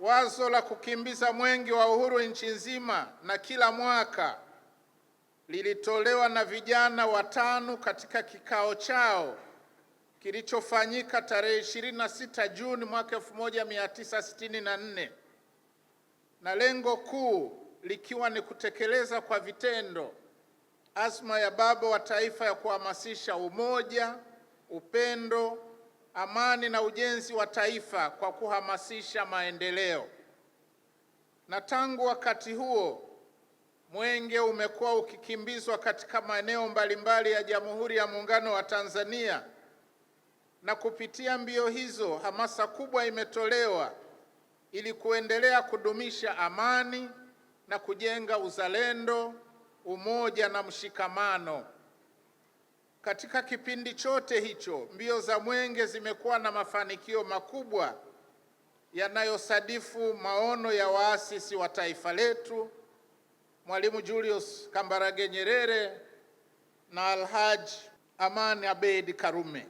wazo la kukimbiza mwenge wa uhuru nchi nzima na kila mwaka lilitolewa na vijana watano katika kikao chao kilichofanyika tarehe 26 Juni mwaka 1964 na lengo kuu likiwa ni kutekeleza kwa vitendo azma ya Baba wa Taifa ya kuhamasisha umoja, upendo amani na ujenzi wa taifa kwa kuhamasisha maendeleo. Na tangu wakati huo mwenge umekuwa ukikimbizwa katika maeneo mbalimbali ya Jamhuri ya Muungano wa Tanzania, na kupitia mbio hizo hamasa kubwa imetolewa ili kuendelea kudumisha amani na kujenga uzalendo, umoja na mshikamano. Katika kipindi chote hicho mbio za mwenge zimekuwa na mafanikio makubwa yanayosadifu maono ya waasisi wa taifa letu Mwalimu Julius Kambarage Nyerere na Alhaji Amani Abeid Karume.